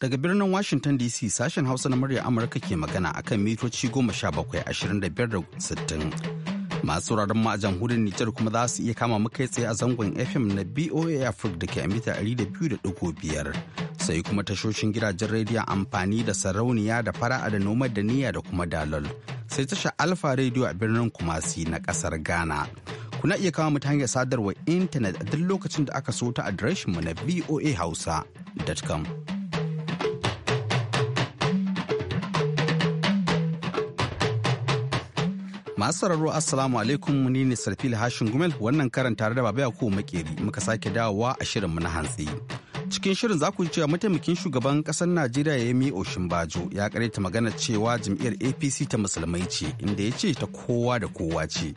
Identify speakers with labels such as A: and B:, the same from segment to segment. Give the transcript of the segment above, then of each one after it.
A: Daga birnin Washington DC sashen Hausa na murya Amurka ke magana a kan mitoci 17 Masu wuraren ma a jamhuriyar Nijar kuma za su iya kama muka tsaye a zangon FM na BOA Africa da ke a mita 200.5. Sai kuma tashoshin gidajen rediyo amfani da sarauniya da fara'a da noma da niyya da kuma dalol. Sai tasha Alfa rediyo a birnin Kumasi na kasar Ghana. Kuna iya kama ta hanyar sadarwar intanet a duk lokacin da aka so ta adireshinmu na boahausa.com. Masu sauraro Assalamu alaikum ni ne Sarfil Hashin Gumel wannan karan tare da Baba Yakubu Makeri muka sake dawowa a shirin mu na hantsi. Cikin shirin za ku ji cewa mataimakin shugaban ƙasar Najeriya ya Yemi Oshinbajo ya ta magana cewa jam'iyyar APC ta musulmai ce inda ya ce ta kowa da kowa ce.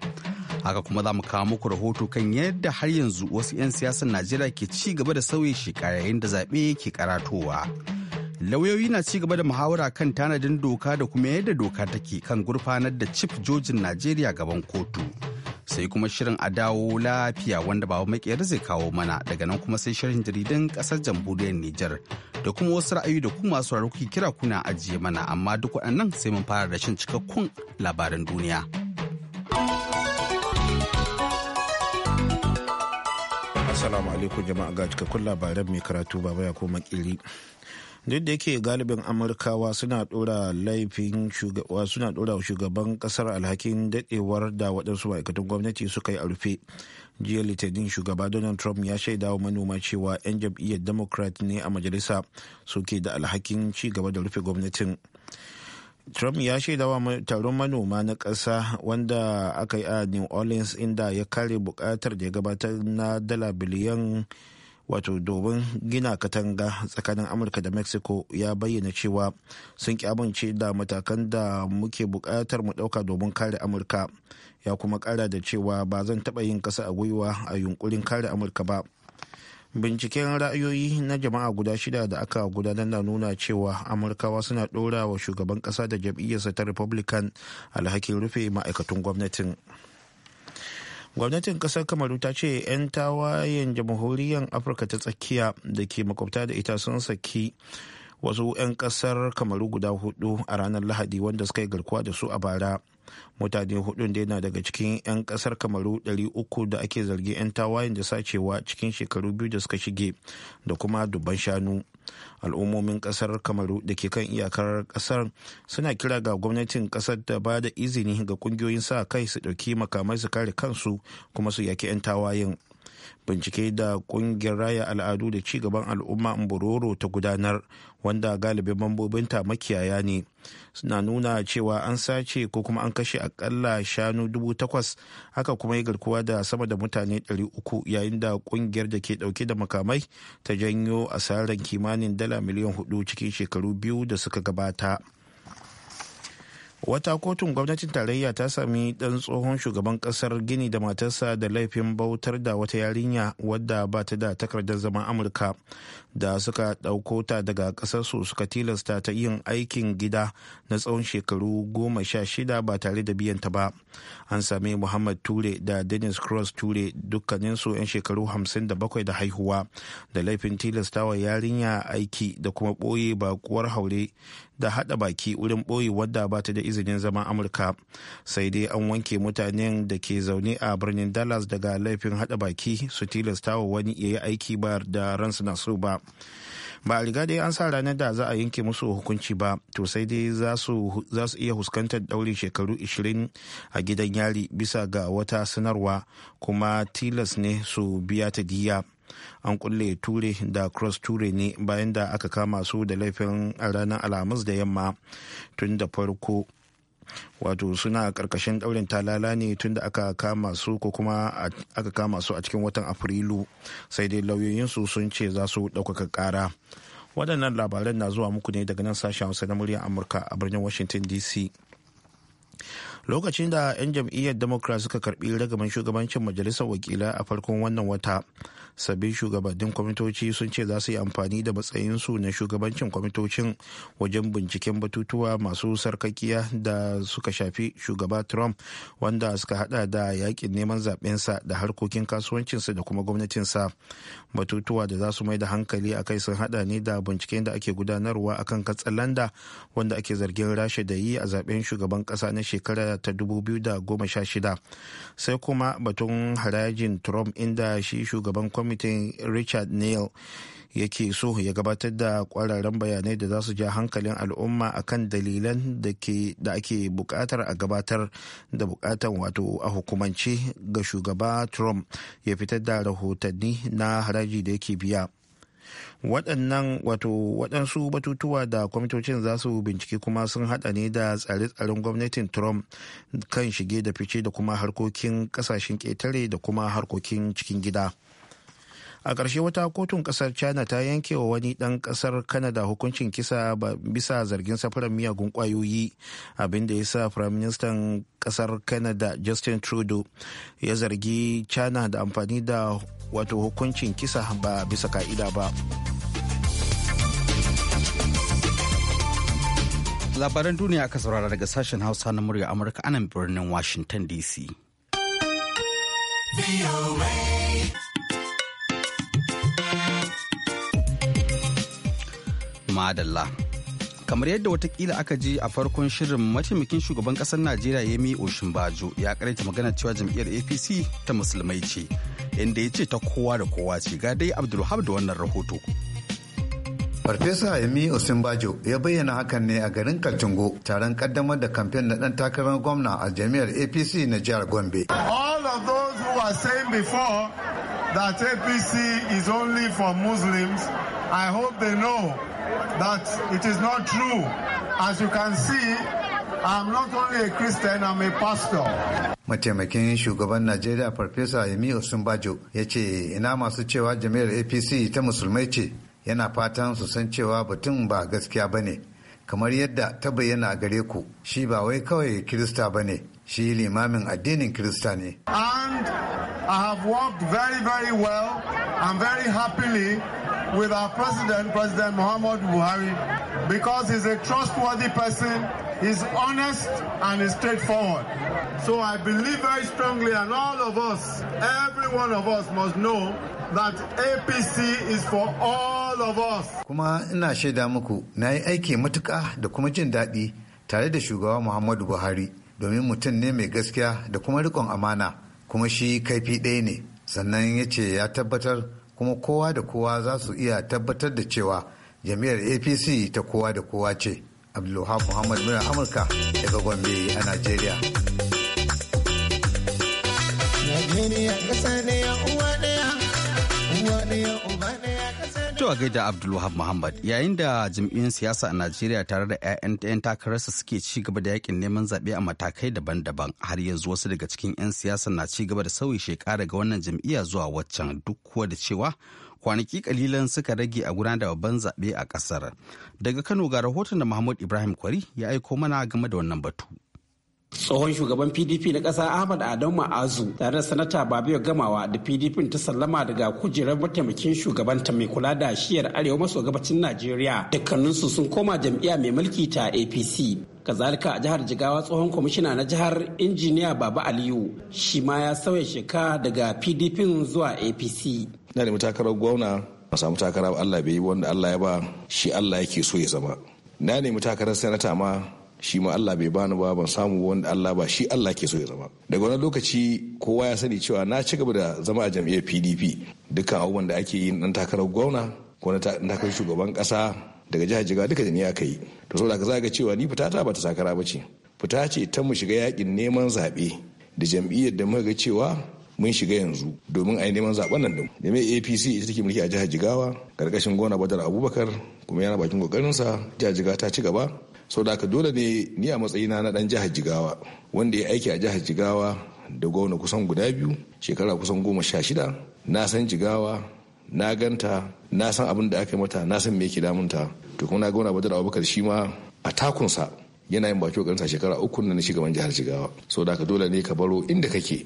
A: Haka kuma za mu kawo muku rahoto kan yadda har yanzu wasu 'yan siyasar Najeriya ke ci gaba da sauye shekara yayin da zaɓe ke karatowa. lauyoyi na ci gaba da muhawara kan tanadin doka da kuma yadda doka take kan gurfanar da chief jojin najeriya gaban kotu sai kuma shirin a dawo lafiya wanda baba makiyar zai kawo mana daga nan kuma sai shirin jaridan kasar jamhuriyar niger da kuma wasu ra'ayi da kuma masu kuke kira kuna ajiye mana amma duk waɗannan sai mun fara da shin cikakkun
B: labaran duniya assalamu alaikum jama'a ga cikakkun labaran mai karatu baba ya koma kiri duk da yake galibin amurkawa suna dora laifin suna dora shugaban kasar alhakin dadewar da waɗansu ma'aikatan gwamnati suka yi a rufe jiya litinin shugaba donald trump ya shaida wa manoma cewa 'yan jam'iyyar democrat ne a majalisa suke da alhakin ci gaba da rufe gwamnatin trump ya shaida wa taron manoma na ƙasa wanda aka yi a new orleans inda ya kare bukatar da ya gabatar na dala biliyan wato domin gina katanga tsakanin amurka da mexico ya bayyana cewa sun kyamance da matakan da muke buƙatar mu ɗauka domin kare amurka ya kuma kara da cewa ba zan taɓa yin ƙasa a gwiwa a yunkurin kare amurka ba binciken ra'ayoyi na jama'a guda shida da aka gudanar na nuna cewa amurkawa suna ɗora wa shugaban ƙasa da jam'iyyarsa ta republican alhakin rufe ma'aikatun gwamnatin. gwamnatin kasar kamaru ta ce 'yan tawayen jamhuriyar afirka ta tsakiya da ke makwabta da ita sun saki wasu 'yan kasar kamaru guda hudu a ranar lahadi wanda suka yi garkuwa da su a bara mutane hudun da yana daga cikin 'yan kasar kamaru 300 da ake zargi 'yan tawayen da sacewa cikin shekaru biyu da suka shige da kuma dubban shanu al'ummomin kasar kamaru da ke kan iyakar kasar suna kira ga gwamnatin kasar da ba da izini ga kungiyoyin sa kai su ɗauki makamai su kare kansu kuma su yaki 'yan tawayen bincike da kungiyar raya al'adu da ci gaban al'umma mbororo ta gudanar wanda galibin mambobinta makiyaya ne suna nuna cewa an sace ko kuma an kashe akalla shanu dubu takwas haka kuma yi garkuwa da sama da mutane ɗari uku yayin da kungiyar da ke ɗauke da makamai ta janyo asarar kimanin dala miliyan hudu cikin shekaru biyu da suka gabata. wata kotun gwamnatin tarayya ta sami dan tsohon shugaban kasar gini da matarsa da laifin bautar da wata yarinya wadda ba ta da takardar zama amurka da suka ɗauko ta daga su suka tilasta ta yin aikin gida na tsawon shekaru goma sha shida ba tare da biyan ta ba an sami muhammad ture da dennis cross ture dukkaninsu 'yan shekaru hamsin da bakwai da haihuwa da laifin tilastawa yarinya aiki da kuma ɓoye bakuwar haure da hada baki wurin boye wadda ba ta da izinin zama amurka sai dai an wanke mutanen da ke zaune a birnin dallas daga laifin hada baki su tilasta wa wani ya yi aiki ba da ransu na so ba ba a riga dai an sa ranar da za a yanke musu hukunci ba to sai dai za su iya fuskantar daurin shekaru 20 a gidan yari bisa ga wata sanarwa kuma tilas ne su biya ta diya an kulle ture da cross ture ne bayan da aka kama su da laifin ranar alhamis da yamma tun da farko wato suna karkashin daurin talala ne tun da aka kama su ko kuma aka kama su a cikin watan afrilu sai dai lauyoyinsu sun ce za su ɗaukaka ƙara waɗannan labaran na zuwa muku ne daga nan sashen hausa na muryar amurka a birnin washington dc lokacin da 'yan jam'iyyar democrat suka karbi ragaman shugabancin majalisar wakilai a farkon wannan wata sabbin shugabannin kwamitoci sun ce za su yi amfani da matsayinsu na shugabancin kwamitocin wajen binciken batutuwa masu sarkakiya da suka shafi shugaba trump wanda suka hada da yakin neman zaɓensa da harkokin kasuwancinsa da kuma gwamnatinsa batutuwa da za su mai da hankali a kai sun hada ne da binciken da ake gudanarwa akan katsalanda wanda ake zargin rasha da yi a zaben shugaban ƙasa na shekara ta 2016 sai kuma batun harajin trump inda shi shugaban kwamitin richard neal yake so ya gabatar da kwararren bayanai da za su ja hankalin al'umma akan dalilan da ake bukatar a gabatar da bukatar wato a hukumance ga shugaba trump ya fitar da rahotanni na haraji da yake biya. waɗannan wato waɗansu batutuwa da kwamitocin za su bincike kuma sun haɗa ne da tsare-tsaren gwamnatin trump kan shige da fice da kuma harkokin ƙasashen ƙetare da kuma harkokin cikin gida. a ƙarshe wata kotun ƙasar china ta yanke wa wani ɗan ƙasar canada hukuncin kisa bisa zargin safaran miyagun ƙwayoyi abinda ya sa firaministan ƙasar canada justin trudeau ya zargi china da amfani da wato hukuncin kisa ba bisa ka'ida ba
A: labaran duniya aka saurara daga sashen hausa na murya amurka anan birnin washington dc Madalla. kamar yadda watakila aka ji a farkon shirin mataimakin shugaban kasar najeriya yemi oshinbajo ya karaita magana cewa jam'iyyar apc ta musulmai ce inda ya ce
C: ta kowa da kowa ce ga dai abdulhab da wannan rahoto Farfesa Yemi Osinbajo ya bayyana hakan ne a garin Kaltungo taron kaddamar da kamfen na ɗan takarar gwamna a jami'ar APC na jihar Gombe.
B: All of those who are saying before that APC is only for Muslims, I hope they know that it is not true. As you can see, I'm not only a Christian, I'm a pastor.
C: mataimakin shugaban najeriya farfesa yemi osunbajo ya ce ina masu cewa jami'ar apc ta musulmai ce yana fatan su san cewa batun ba gaskiya ba ne kamar yadda ta bayyana a gare ku shi ba wai kawai kirista ba ne shi limamin addinin kirista ne
B: and i have worked very very well and very happily with our president, President Muhammad Buhari, because he's a trustworthy person, he's honest and he's straightforward. So I believe very strongly, and all of us, every one of us must know that APC is for all of us. Kuma
C: ina shaida muku, na yi aiki matuƙa da kuma jin daɗi tare da shugaba Muhammadu Buhari, domin mutum ne mai gaskiya da kuma riƙon amana, kuma shi kaifi ɗaya ne. Sannan ya ce ya tabbatar kuma kowa da kowa za su iya tabbatar da cewa jam'iyyar apc ta kowa da kowa ce Abdullahi muhammad mura amurka daga gombe a najeriya
A: To a gaida Abdulwahab Muhammad yayin da jam'iyyun siyasa a Najeriya tare da 'ya'yan takararsa suke ci gaba da yakin neman zaɓe a matakai daban-daban har yanzu wasu daga cikin 'yan siyasa na ci gaba da sauyi shekara daga wannan jam'iyya zuwa waccan duk kuwa da cewa kwanaki kalilan suka rage a gudanar da babban zaɓe a ƙasar. Daga Kano ga rahoton da Muhammad Ibrahim Kwari ya aiko mana game da wannan batu. tsohon shugaban pdp na ƙasa ahmad adamu ma'azu tare da sanata babiyo gamawa da pdp ta sallama daga kujerar mataimakin shugabanta mai kula da shiyar arewa maso gabacin najeriya dukkaninsu sun koma jam'iya mai mulki ta apc kazalika a jihar jigawa tsohon kwamishina na jihar injiniya baba aliyu shi ma ya sauya sheka daga pdp
D: zuwa apc na nemi takarar gwamna a samu takara allah bai yi wanda allah ya ba shi allah yake so ya zama na nemi takarar sanata ma shi ma Allah bai bani ba ban samu wanda Allah ba shi Allah ke so ya zama daga wani lokaci kowa ya sani cewa na ci gaba da zama a jam'iyyar PDP dukkan abubuwan da ake yi dan takarar gwamna ko na takarar shugaban kasa daga jihar Jigawa duka da ni aka yi to saboda ka zaga cewa ni fita ta ba ta sakara ba ce fita ce ta mu shiga yakin neman zaɓe da jam'iyyar da muka ga cewa mun shiga yanzu domin a yi neman zaben nan din da mai apc ita take mulki a jihar jigawa karkashin gwana badar abubakar kuma yana bakin kokarinsa jihar jigawa ta ci gaba sau da dole ne ni a matsayina na dan jihar jigawa wanda ya aiki a jihar jigawa da gwamna kusan guda biyu shekara kusan goma sha shida na san jigawa na ganta na san abin da aka yi mata na san me yake damunta to kuma na gwamna badar abubakar shi ma a takunsa yana yin baki kokarinsa shekara uku na shugaban jihar jigawa sodaka da dole ne ka baro inda kake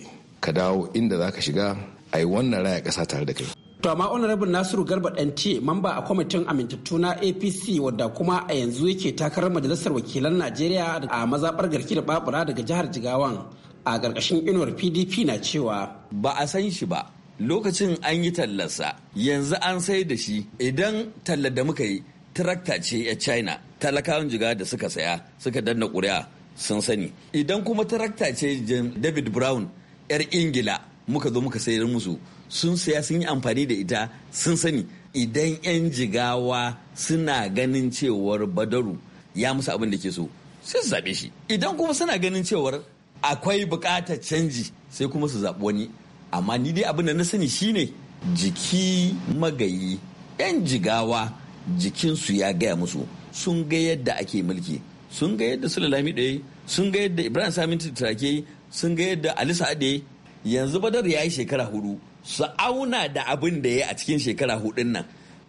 D: ka dawo inda za ka shiga a yi wannan raya ƙasa tare da kai
A: To amma Honorable Nasiru Garba dante mamba a kwamitin amintattu na APC wadda kuma a yanzu yake takarar majalisar wakilan Najeriya a mazaɓar garki da babura
E: daga jihar Jigawan a ƙarƙashin inuwar PDP na cewa. Ba a san shi ba lokacin an yi tallarsa yanzu an sai da shi idan tallar da muka yi tarakta ce ya China talakawan jiga da suka saya suka danna ƙuri'a sun sani idan kuma tarakta ce David Brown 'yar Ingila muka zo muka sayar musu sun saya sun yi amfani da ita sun sani idan 'yan jigawa suna ganin cewar badaru ya musu abin da ke so sai su zaɓe shi idan kuma suna ganin cewar akwai buƙatar canji sai kuma su zaɓi wani amma ni dai abin da na sani shine jiki magayi 'yan jigawa jikinsu ya gaya musu sun ga yadda ake mulki sun ga yadda sulalami ɗaya sun ga yadda ibrahim saminti trake sun ga yadda alisa ade yanzu badar ya yi shekara hudu su auna da abin da ya a cikin shekara hudun nan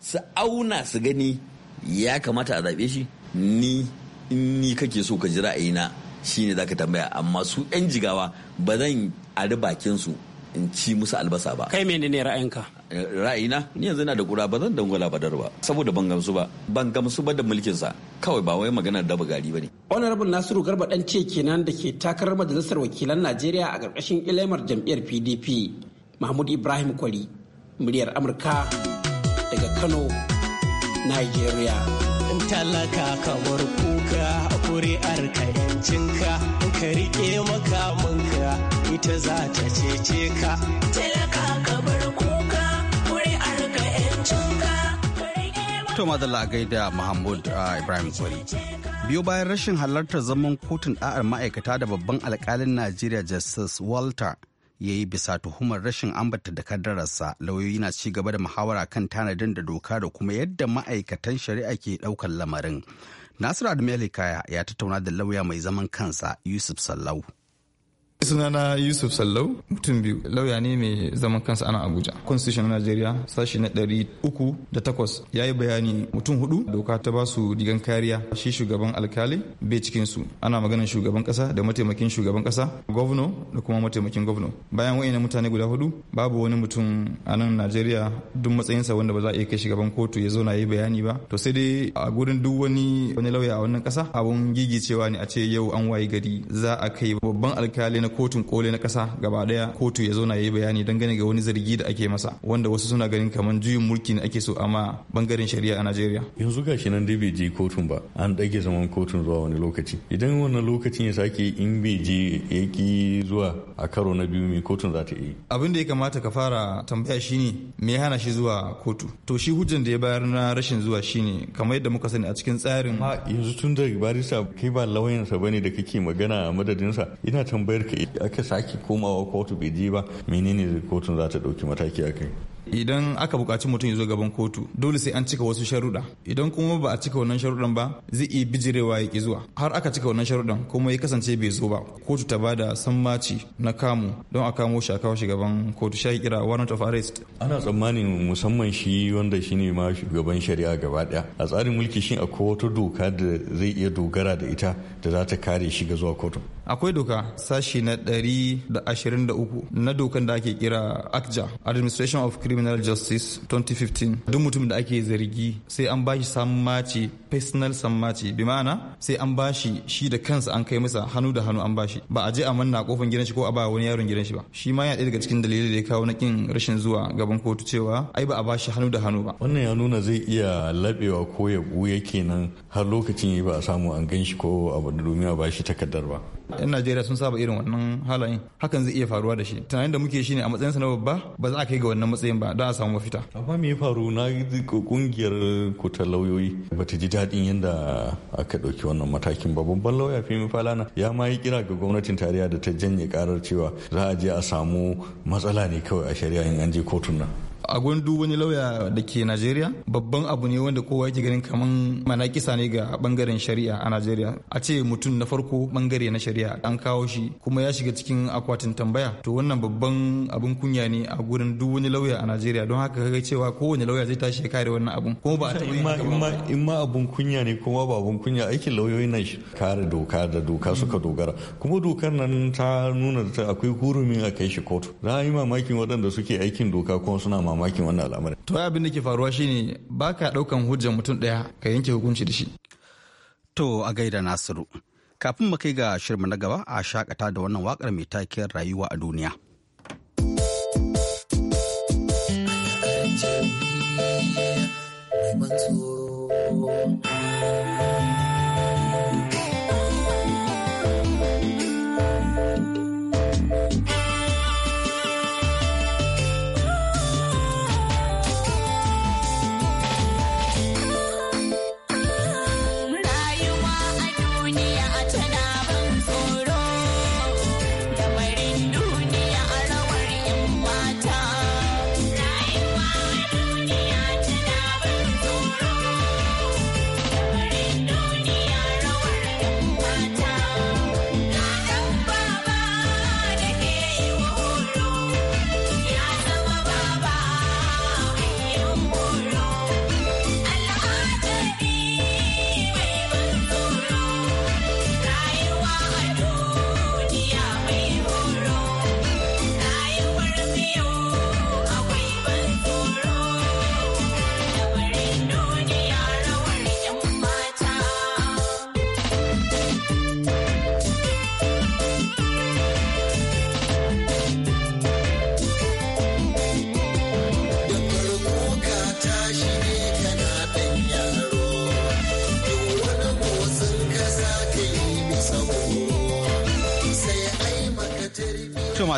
E: su auna su gani ya kamata a zaɓe shi ni in ni kake so ka ji ra'ayina shine zaka tambaya amma su 'yan jigawa ba zan ari bakin su in ci musu albasa ba kai mene ne ra'ayinka ra'ayina ni yanzu na da kura ba zan dangwala badar ba saboda ban gamsu ba ban gamsu ba da mulkin sa kawai ba wai maganar daba gari bane
A: honorable nasiru garba dan ce kenan da ke takarar majalisar wakilan najeriya a ƙarƙashin ilemar jam'iyyar pdp mahmud ibrahim kwari muryar amurka daga kano nigeria in talaka kamar kuka kuri'ar ka yancinka in ka rike makamanka ita za ta cece ka
E: talaka kamar kuka kuri'ar ka
F: yancinka
A: to madalla gaida mahmud uh, ibrahim kwari biyo bayan rashin halartar zaman kotun da'ar ma'aikata da babban alkalin najeriya justice walter ya yi bisa tuhumar rashin ambata da kadararsa lauyoyi na ci gaba da muhawara kan tanadin da doka da kuma yadda ma'aikatan shari'a ke ɗaukar lamarin nasiru kaya ya tattauna da lauya mai zaman kansa yusuf
G: sallau sunana yusuf sallau mutum biyu lauya ne mai zaman kansa ana abuja constitution na najeriya sashi na ɗari uku da takwas ya yi bayani mutum hudu doka ta ba su digan kariya shi shugaban alkali bai cikin su ana maganar shugaban kasa da mataimakin shugaban kasa govnor da kuma mataimakin govnor bayan wa'ina mutane guda hudu babu wani mutum a nan nigeria duk matsayinsa wanda ba za a iya kai shugaban kotu ya zo ya yi bayani ba to sai dai a gurin duk wani wani lauya a wannan kasa abun gigicewa ne a ce yau an wayi gari za a kai babban alkali na na kotun koli na kasa gaba daya kotu ya zauna yi bayani dangane ga wani zargi da ake masa wanda wasu suna ganin kamar juyin mulki ne ake so amma bangaren shari'a a Najeriya
H: yanzu gashi nan dai bai je kotun ba an dage zaman kotun zuwa wani lokaci idan wannan lokacin ya sake in bai je yaki zuwa a karo na biyu mai kotun za ta yi
G: abin da ya kamata ka fara tambaya shine me ya hana shi zuwa kotu to shi hujjan da ya bayar na rashin zuwa shine kamar yadda
H: muka sani a cikin tsarin yanzu tun da barista kai ba lauyansa bane da kake magana a madadinsa ina tambayar ka aka sake komawa kotu bai je ba menene kotun za ta ɗauki mataki a kai
G: idan aka buƙaci mutum ya zo gaban kotu dole sai an cika wasu sharuɗa idan kuma ba a cika wannan sharuɗan ba zai iya bijirewa ya ki zuwa har aka cika wannan sharuɗan kuma ya kasance bai zo ba kotu ta bada sammaci na kamu don a kamo shi a kawo gaban kotu shi kira warrant of
H: arrest ana tsammanin musamman shi wanda shine ma shugaban shari'a gaba ɗaya a tsarin mulki shin akwai wata doka da zai iya dogara da ita da za ta kare shi ga zuwa kotu
G: akwai doka sashi na 123 na dokan da ake kira akja administration of criminal justice 2015 duk mutum da ake zargi sai an bashi sammaci personal sammaci bi ma'ana sai an bashi shi da kansa an kai masa hannu da hannu an bashi ba a je a manna kofin gidan shi ko a ba wani yaron gidan shi ba shi ma ya ɗaya daga cikin dalilai da ya kawo na kin rashin zuwa gaban kotu cewa ai ba a bashi hannu da hannu ba
H: wannan ya nuna zai iya labewa ko ya buya kenan har lokacin ba a samu an gan shi ko abu wani domin a bashi takardar ba
G: 'yan najeriya sun saba irin wannan halayen hakan zai iya faruwa da shi tunanin da muke shine a matsayin sa na babba ba za a kai ga wannan matsayin ba don a samu mafita
H: amma me ya faru na kungiyar ku lauyoyi ba ta ji daɗin yadda aka ɗauki wannan matakin ba babban lauya fimi falana ya ma yi kira ga gwamnatin tarayya da ta janye karar cewa za a je a samu matsala ne kawai a shari'a in an je kotun nan
G: a gwandu wani lauya da ke najeriya babban abu ne wanda kowa yake ganin kaman kisa ne ga bangaren shari'a a najeriya a ce mutum na farko bangare na shari'a an kawo shi kuma ya shiga cikin akwatin tambaya to wannan babban abin kunya ne a gurin duk wani lauya a najeriya don haka kaga cewa kowane lauya zai tashi ya kare wannan abun kuma ba a taɓa
H: in ma abun kunya ne kuma ba abun kunya aikin lauyoyi na kare doka da doka suka dogara kuma dokar nan ta nuna akwai hurumin a kai shi kotu za a yi mamakin waɗanda suke aikin doka kuma suna mamakin mamakin wannan al'amari
G: to abin da ke faruwa shine baka daukan hujjar mutum ɗaya ka yanke
A: hukunci da shi to a gaida nasiru kafin mu kai ga shirma na gaba a shakata da wannan wakar mai taken rayuwa a duniya
G: Thank you.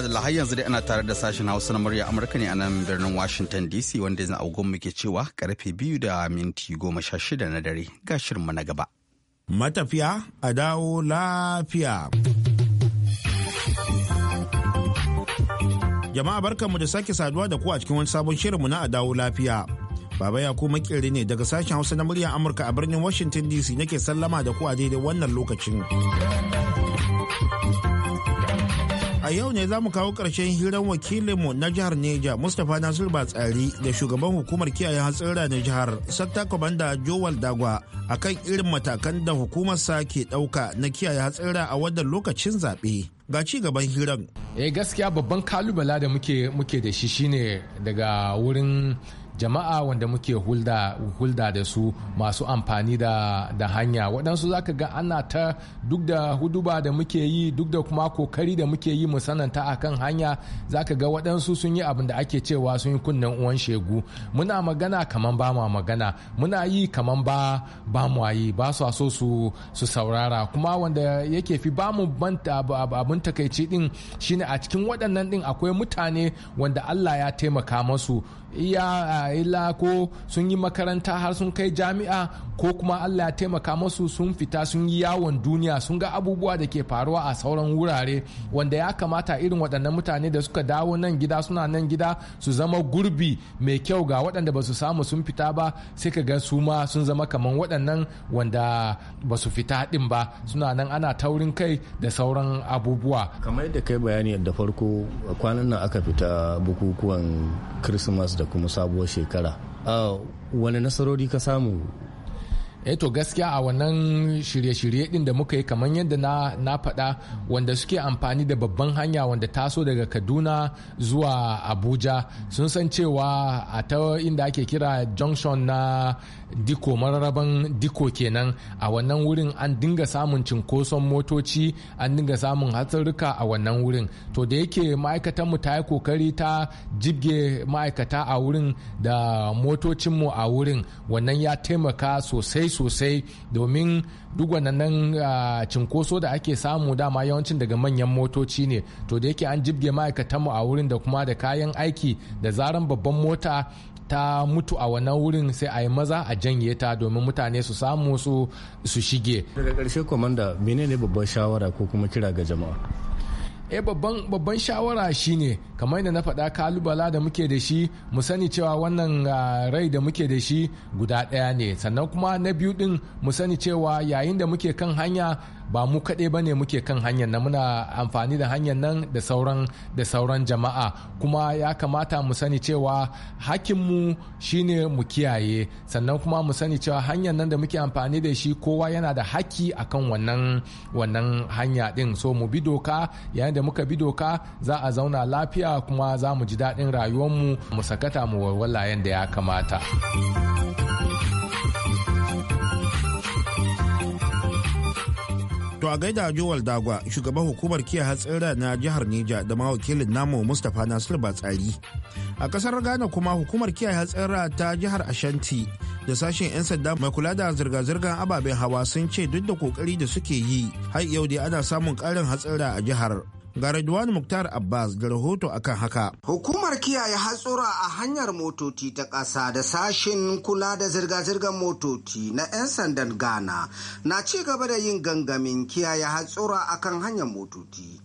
A: madalla har yanzu dai ana tare da sashen hausa na murya amurka ne a nan birnin washington dc wanda yanzu agogon muke cewa karfe biyu da minti goma sha shida na dare
B: ga shirinmu na gaba matafiya a dawo lafiya jama'a barkanmu da sake saduwa da ku a cikin wani sabon shirinmu na a dawo lafiya baba ya ku makirri ne daga sashen hausa na murya amurka a birnin washington dc nake sallama da ku a daidai wannan lokacin A yau ne za mu kawo ƙarshen hiran wakilinmu na jihar Neja Mustapha Nasir Batsari da shugaban hukumar kiyaye hatsira na jihar Sakta Komanda Jowal Dagwa a kan irin matakan da hukumar sa ke ɗauka na kiyaye hatsira a wannan lokacin zaɓe.
I: Ga ci gaban hiran. Eh gaskiya babban kalubala da muke da shi shine daga wurin jama'a wanda muke hulda da su masu amfani da, da hanya waɗansu za ka ga ana ta duk da huduba da muke yi duk da kuma kokari da muke yi musananta a kan hanya za ka ga waɗansu sun yi abin da ake cewa sun yi kunnen uwan shegu muna magana kaman ba ma magana muna yi kaman ba ba mu yi ba su so su su saurara kuma wanda yake fi ba mu abin takaici din shine a cikin waɗannan din akwai mutane wanda Allah ya taimaka masu iya a illa ko sun yi makaranta har sun kai jami'a ko kuma allah ya taimaka masu sun fita sun yi yawon duniya sun ga abubuwa da ke faruwa a sauran wurare wanda ya kamata irin waɗannan mutane da suka dawo nan gida suna nan gida su zama gurbi mai kyau ga waɗanda ba su samu sun fita ba sai ka ga su ma sun zama kaman waɗannan wanda ba su fita ɗin ba suna nan ana taurin kai da sauran abubuwa
J: kamar yadda kai bayani da farko kwanan nan aka fita bukukuwan christmas da kuma sabuwar shekara
I: wani nasarori ka samu eh to gaskiya a wannan shirye-shirye din da muka yi kamar yadda na, faɗa wanda suke amfani da babban hanya wanda taso daga kaduna zuwa abuja sun san cewa a ta inda ake kira junction na diko mararaban diko kenan a wannan wurin an dinga samun cinkoson motoci an dinga samun hatsarurruka a wannan wurin to da yake ma'aikatanmu ta yi kokari ta jibge ma'aikata a wurin da motocinmu a wurin wannan ya taimaka sosai sosai domin duk wannan cinkoso da ake samu dama yawancin daga manyan motoci ne to da yake an jibge ma'aikatanmu a wurin da kuma da kayan aiki da zaran babban mota ta mutu a wannan wurin sai a yi maza a janye ta domin mutane su samu su su shige daga ƙarshe komanda menene babban shawara ko kuma kira ga jama'a e babban babban shawara shine kamar da na faɗa kalubala da muke da shi mu sani cewa wannan ah, rai da muke da shi guda ɗaya ne sannan kuma na biyu ɗin mu sani cewa yayin da muke kan hanya ba mu kaɗai ba ne muke kan hanyar nan muna amfani da hanyar nan da sauran da sauran jama'a kuma ya kamata mu sani cewa hakinmu shine mu kiyaye sannan kuma mu sani cewa hanyar nan da muke amfani da shi kowa yana da haki akan wannan wannan hanya din so mu bi doka yayin da muka bi doka za a zauna lafiya kuma za mu ji daɗin rayuwarmu mu sakata mu walwala yadda ya kamata. To
B: a gaida Jowal Dagwa shugaban hukumar kiyaye hatsira na jihar Neja da mawakilin namu Mustapha Nasir Batsari. A kasar Ghana kuma hukumar kiyaye hatsira ta jihar Ashanti da sashen 'yan sanda mai kula da zirga-zirgar ababen hawa sun ce duk da kokari da suke yi har yau dai ana samun karin hatsira a jihar. ga Redwan Muktar Abbas da rahoto akan haka.
F: Hukumar kiyaye hatsura a hanyar motoci ta ƙasa da sashen kula da zirga-zirgar motoci na 'yan sandan Ghana na ci gaba da yin gangamin kiyaye hatsura a kan hanyar motoci.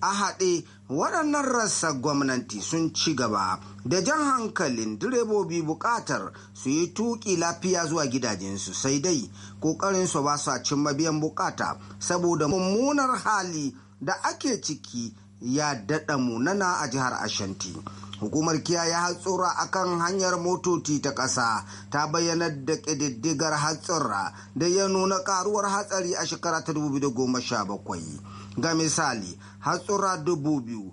F: A haɗe waɗannan rasa gwamnati sun ci gaba da jan hankalin direbobi buƙatar su yi tuƙi lafiya zuwa gidajensu sai dai ƙoƙarinsu ba sa cimma biyan buƙata saboda mummunar hali da ake ciki ya daɗa munana a jihar ashanti hukumar kiyaye hatsura akan hanyar motoci ta ƙasa ta bayyana da ƙididdigar hatsura da ya nuna ƙaruwar hatsari a shekara ta 2017 ga misali hatsura dubu biyu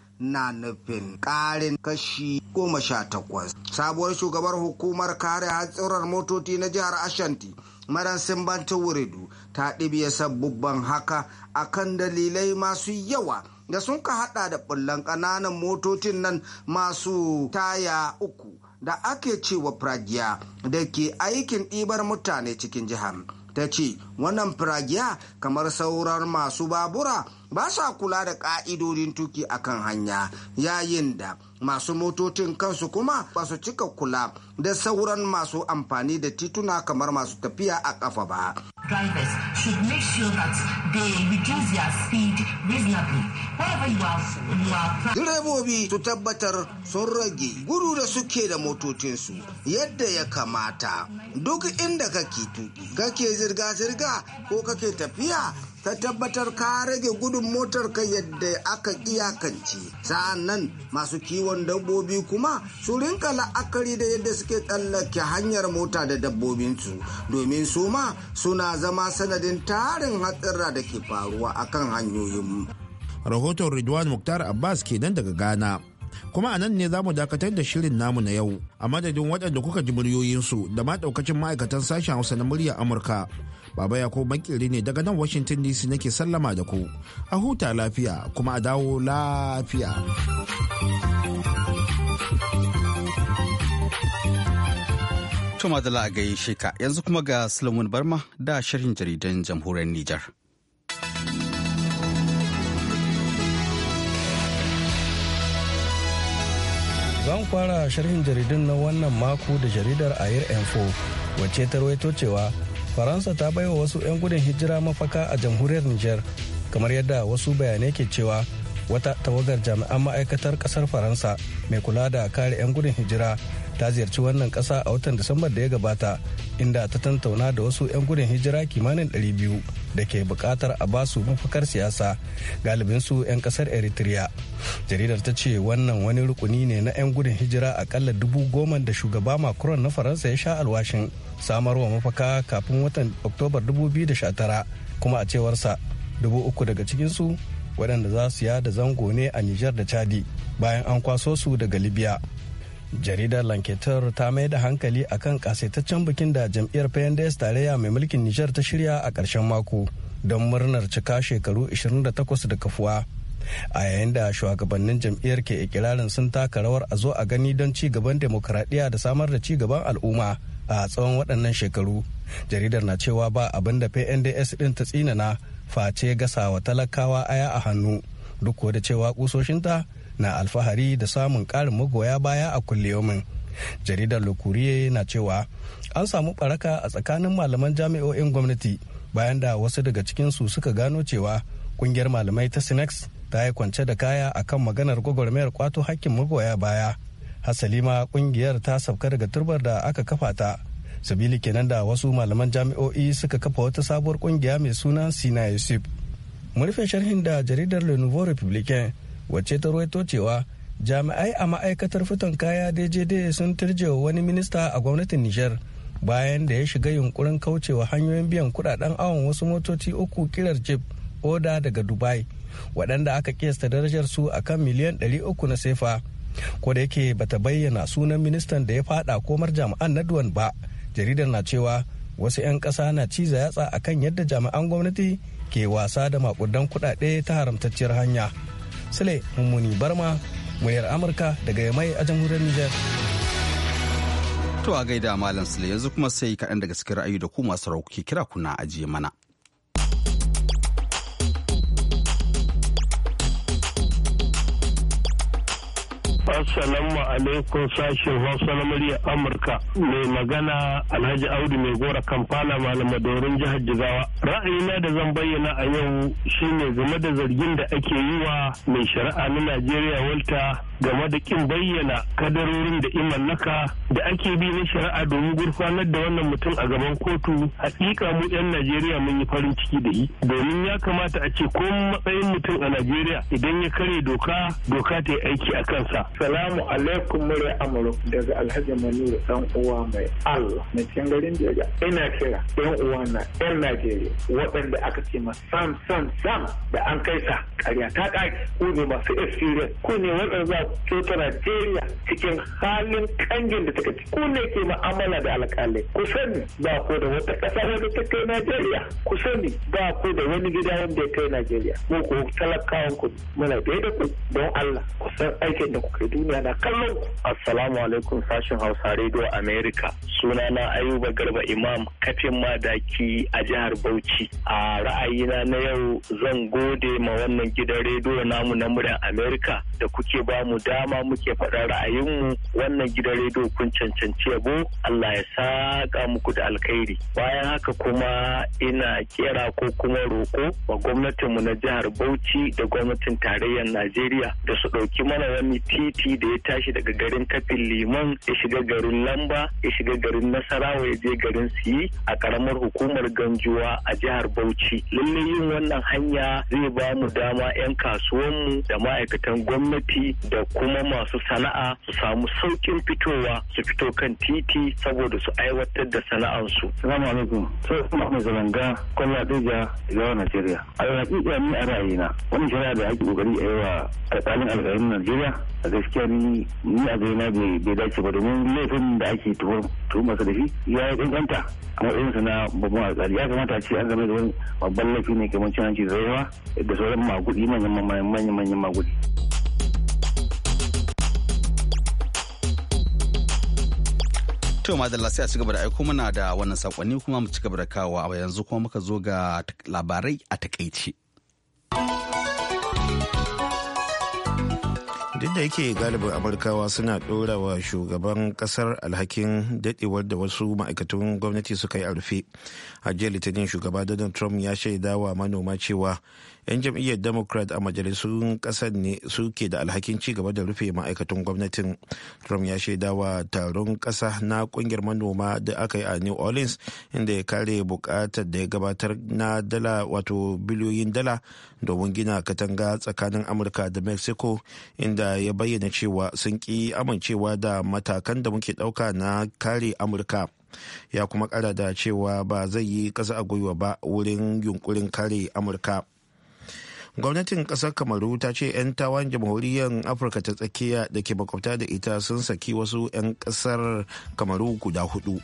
F: na nufin ƙarin kashi goma sha takwas. Sabuwar shugabar hukumar kare hatsurar motoci na jihar Ashanti, Maran Simbanta Wuridu, ta ɗibiya sabubban haka a kan dalilai masu yawa da sun ka haɗa da ɓullan ƙananan motocin nan masu taya uku da ake cewa fragiya da ke aikin ɗibar mutane cikin jihar. ta ce wannan firagiya kamar sauran masu babura ba sa kula da ƙa'idodin tuki a kan hanya yayin da masu motocin kansu kuma ba su cika kula da sauran masu amfani da tituna kamar masu tafiya a ƙafa ba
C: drivers should make sure that
E: they reduce their speed reasonably.
F: Direbobi su tabbatar sun rage gudu da suke da motocinsu yadda ya kamata. Duk inda kake tuki, kake zirga-zirga ko kake tafiya ta tabbatar ka rage gudun motar ka yadda aka iyakance sa'annan masu kiwon dabbobi kuma su rinka la'akari da yadda suke tsallake hanyar mota da dabbobinsu domin su ma suna zama sanadin tarin hatsira da ke faruwa akan hanyoyin
B: rahoton ridwan muktar abbas ke nan daga ghana kuma a nan ne za mu dakatar da shirin namu na yau a madadin waɗanda kuka ji muryoyinsu da ma ɗaukacin ma'aikatan sashen hausa na murya amurka Baba ko Makiri ne daga nan Washington DC nake sallama da ku. A huta lafiya kuma a dawo lafiya.
A: Tuma da la'agayi sheka yanzu kuma ga Sulaiman Barma da shirin jaridan jamhuriyar Nijar.
J: Zan fara sharhin jaridun na wannan mako da jaridar Air Info wacce ta rawaito cewa faransa ta baiwa wasu 'yan gudun hijira mafaka a jamhuriyar niger kamar yadda wasu bayanai ke cewa wata tawagar jami'an ma'aikatar kasar faransa mai kula da kare 'yan gudun hijira ta ziyarci wannan kasa a watan disambar da ya gabata inda ta tantauna da wasu 'yan gudun hijira kimanin 200 da ke bukatar a basu mafakar siyasa galibinsu 'yan kasar eritrea jaridar ta ce wannan wani rukuni ne na 'yan gudun hijira akalla dubu goma da shugaba macron na faransa ya sha alwashin samar wa mafaka kafin watan oktobar 2019 kuma a cewarsa dubu uku daga cikinsu waɗanda za su yada zango ne a nijar da chadi bayan an kwaso su daga libya jaridar lanketar ta mai da hankali akan kasaitaccen bikin da jam'iyyar pnds tarayya mai mulkin nijar ta shirya a ƙarshen mako don murnar cika shekaru 28 da kafuwa a yayin da shugabannin jam'iyyar ke ikirarin sun taka rawar a zo a gani don ci gaban demokuraɗiyya da samar da ci gaban al'umma a tsawon waɗannan shekaru jaridar na cewa ba abin da pnds ɗin ta tsinana face gasawa talakawa aya a hannu duk da cewa kusoshinta na alfahari da samun ƙarin magoya baya a kulliyomin jaridar lokuriye na cewa an samu ɓaraka a tsakanin malaman jami'o'in gwamnati bayan da wasu daga cikinsu suka gano cewa ƙungiyar malamai ta sinex ta yi kwance da kaya akan maganar gwagwarmayar kwato hakkin magoya baya hasalima kungiyar ta sauka daga turbar da aka kafa ta sabili kenan da wasu malaman jami'o'i suka kafa wata sabuwar kungiya mai suna sina yusuf mun rufe sharhin da jaridar le nouveau republicain wacce ta ruwaito cewa jami'ai a ma'aikatar fiton kaya djd sun turje wani minista a gwamnatin niger bayan da ya shiga yunkurin kaucewa hanyoyin biyan kudaden awon wasu motoci uku kirar jeep oda daga dubai waɗanda aka kiyasta darajar su akan miliyan 300 na sefa ko da yake bata bayyana sunan ministan da ya fada komar jami'an naduwan ba jaridar na cewa wasu 'yan ƙasa na ciza yatsa akan yadda jami'an gwamnati ke wasa da makudan kudade ta haramtacciyar hanya sule mummuni barma muryar amurka daga yamai a jamhuriyar niger
A: to a gaida malam sule yanzu kuma sai kaɗan daga cikin ra'ayi da ku masu rauku ke kira kuna ajiye mana
J: Assalamu alaikum sashen Hausa na murya Amurka mai magana
H: Alhaji Audu mai gora Kampala malamadorin jihar Jigawa. Ra'ayina da zan bayyana a yau
E: shine game da zargin da ake yi wa mai shari'a na Najeriya Walter game da kin bayyana kadarorin da imallaka
J: da ake bi na shari'a domin gurfanar da wannan mutum a gaban kotu hakika mu 'yan najeriya mun yi farin ciki da yi domin ya kamata a ce ko matsayin mutum a najeriya idan ya kare doka doka ta yi aiki a kansa salamu alaikum mure amurka daga alhaji manuru dan uwa mai allah na cikin garin jeja ina kira yan uwa na yan najeriya waɗanda aka ce ma sam sam sam da an kai sa ƙarya ta ƙari ku ne masu experience ku ne waɗanda za ta Najeriya cikin halin kangin da take ciki ne ke ma'amala da alƙalai
E: ku sani ba
H: ku
B: da wata ƙasa wanda ta kai Najeriya
E: ku sani ba ku da wani gida wanda ya kai Najeriya mu ku talakawan ku muna da da ku don Allah ku san aikin da ku kai duniya na kallon ku assalamu alaikum sashin Hausa Radio America sunana Ayuba Garba Imam kafin madaki a jihar Bauchi a ra'ayina na yau zan gode ma wannan gidan rediyo namu na muryar America da kuke bamu. dama muke faɗa ra'ayinmu wannan gidan rediyo kun cancanci yabo Allah ya saƙa muku da alkhairi bayan haka kuma ina kera ko kuma roko wa gwamnatinmu na jihar Bauchi da gwamnatin tarayyar Najeriya da su ɗauki mana wani titi da ya tashi daga garin kafin liman ya shiga garin lamba ya shiga garin nasarawa ya je garin siyi a karamar hukumar ganjuwa a jihar Bauchi lallai yin wannan hanya zai ba mu dama 'yan kasuwanmu da ma'aikatan gwamnati da kuma masu sana'a su samu saukin fitowa su fito kan titi saboda su aiwatar da sana'ansu.
C: Salamu alaikum. Sai kuma mai zalanga kwalla ɗaya zuwa Najeriya. A yau hakika ni a ra'ayina wani shari'a da ake ƙoƙari a yawa alƙalin alƙalin Najeriya a gaskiya ni ni a zaina bai dace ba domin laifin da ake tuhumar sa da shi ya yi kankanta a matsayinsa na babban alƙali ya kamata a ce an zama da wani babban laifi ne kamar cin hanci da sauran maguɗi manyan manyan manyan maguɗi.
A: To madalla sai a ci da aiko mana da wannan sakonni kuma mu ci gaba da kawo a yanzu kuma muka zo ga labarai a takaice.
B: Duk da yake galibin Amurkawa suna ɗora wa shugaban ƙasar alhakin daɗewar da wasu ma'aikatan gwamnati suka yi a rufe. A jiya Litinin shugaba Donald Trump ya shaidawa manoma cewa 'yan jam'iyyar democrat a majalisun kasar ne suke da alhakin ci gaba da rufe ma'aikatan gwamnatin trump ya shaida wa taron kasa na kungiyar manoma da aka yi a new orleans inda ya kare bukatar da ya gabatar na dala wato biliyoyin dala domin gina katanga tsakanin amurka da mexico inda ya bayyana cewa sun ki amincewa da matakan da muke dauka na kare amurka ya kuma kara da cewa ba zai yi kasa a gwiwa ba wurin yunkurin kare amurka gwamnatin kasar kamaru ta ce 'yan tawan jamhuriyar afirka ta tsakiya da ke makwabta da ita sun saki wasu 'yan kasar kamaru guda hudu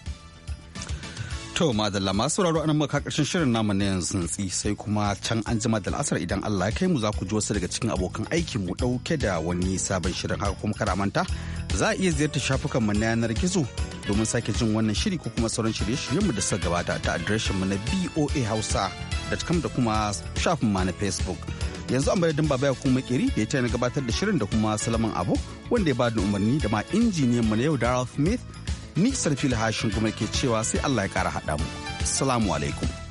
A: To madalla masu sauraro anan maka karshen shirin namu na yanzu tsi sai kuma can an jima da la'asar idan Allah ya kai mu za ku ji wasu daga cikin abokan aikin mu dauke da wani sabon shirin haka kuma kada za a iya ziyartar shafukan mu na yanar gizo domin sake jin wannan shiri ko kuma sauran shirye-shiryen mu da suka gabata ta adireshin mu na boa hausa hausa.com da kuma shafin ma na facebook yanzu an madadin baba kuma makeri da ya tana gabatar da shirin da kuma salaman abu wanda ya ba da umarni da ma injiniyan mu na yau daryl smith ni sarfil hashin kuma ke cewa sai allah ya kara haɗa mu salamu alaikum